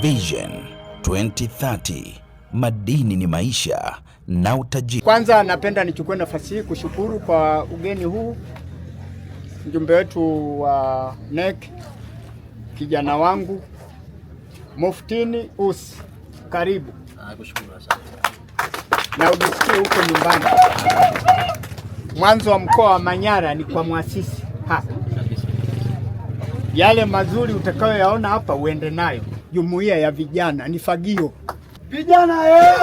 Vision 2030 madini ni maisha na utajiri. Kwanza napenda nichukue nafasi hii kushukuru kwa ugeni huu, mjumbe wetu wa uh, NEC, kijana wangu Muftini Usi, karibu na ujisikie huko nyumbani. Mwanzo wa mkoa wa Manyara ni kwa mwasisi hapa. Yale mazuri utakayoyaona hapa uende nayo jumuiya ya vijana ni fagio. Vijana eh!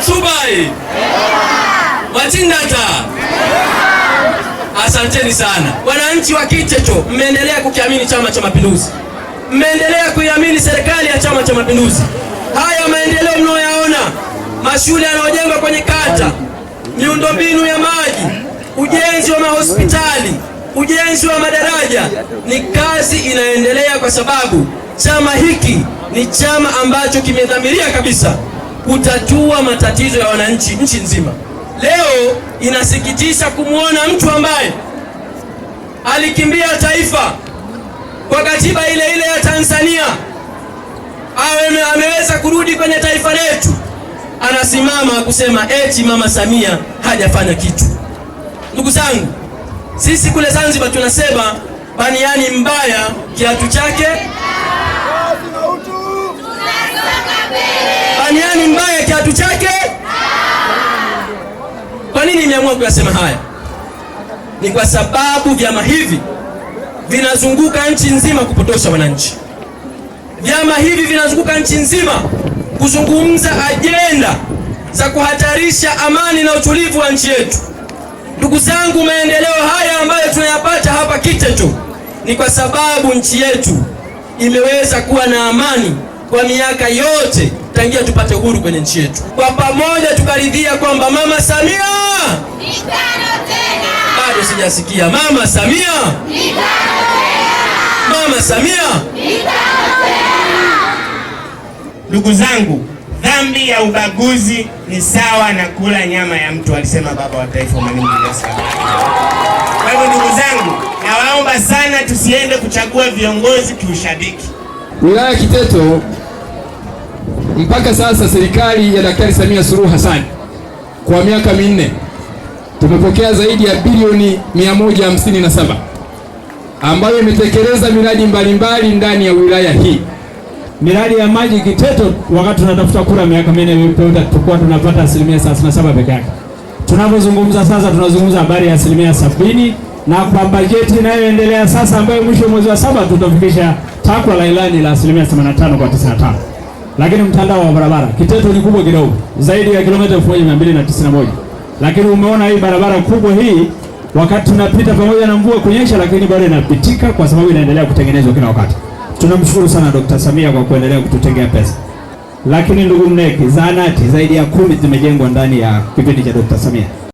Subai! Wachindata! Asanteni sana wananchi wa Kiteto, mmeendelea kukiamini Chama cha Mapinduzi mmeendelea kuiamini serikali ya Chama cha Mapinduzi. Haya maendeleo mnayoyaona, mashule yanayojengwa kwenye kata, miundombinu ya maji, ujenzi wa mahospitali, ujenzi wa madaraja, ni kazi inaendelea, kwa sababu chama hiki ni chama ambacho kimedhamiria kabisa kutatua matatizo ya wananchi nchi nzima. Leo inasikitisha kumwona mtu ambaye alikimbia taifa kwa katiba ile ile ya Tanzania awe ameweza kurudi kwenye taifa letu, anasimama kusema eti mama Samia hajafanya kitu. Ndugu zangu, sisi kule Zanzibar tunasema baniani mbaya kiatu chake, baniani mbaya kiatu chake. Kwa nini nimeamua kuyasema haya? Ni kwa sababu vyama hivi vinazunguka nchi nzima kupotosha wananchi. Vyama hivi vinazunguka nchi nzima kuzungumza ajenda za kuhatarisha amani na utulivu wa nchi yetu. Ndugu zangu, maendeleo haya ambayo tunayapata hapa Kiteto ni kwa sababu nchi yetu imeweza kuwa na amani kwa miaka yote tangia tupate uhuru kwenye nchi yetu. Kwa pamoja tukaridhia kwamba Mama Samia, bado sijasikia Mama Samia Mama Samia Ndugu zangu, dhambi ya ubaguzi ni sawa na kula nyama ya mtu, alisema baba wa taifa Mwalimu Julius Kambarage. Kwa hivyo ndugu zangu, nawaomba sana tusiende kuchagua viongozi kiushabiki. Wilaya ya Kiteto mpaka sasa serikali ya Daktari Samia Suluhu Hassan kwa miaka minne tumepokea zaidi ya bilioni 157 ambayo imetekeleza miradi mbalimbali ndani ya wilaya hii. Miradi ya maji Kiteto, wakati tunatafuta kura miaka minne iliyopita tulikuwa tunapata asilimia 37 peke yake. Tunapozungumza sasa, tunazungumza habari ya asilimia sabini na kwa bajeti inayoendelea sasa, ambayo mwisho mwezi wa saba tutafikisha takwa la ilani la asilimia 85 kwa 95. Lakini mtandao wa barabara Kiteto ni kubwa kidogo, zaidi ya kilomita 1291, lakini umeona hii barabara kubwa hii wakati tunapita pamoja na mvua kunyesha, lakini bado inapitika kwa sababu inaendelea kutengenezwa kila wakati. Tunamshukuru sana Dr. Samia kwa kuendelea kututengea pesa. Lakini ndugu Mneki, zahanati zaidi ya kumi zimejengwa ndani ya kipindi cha Dr. Samia.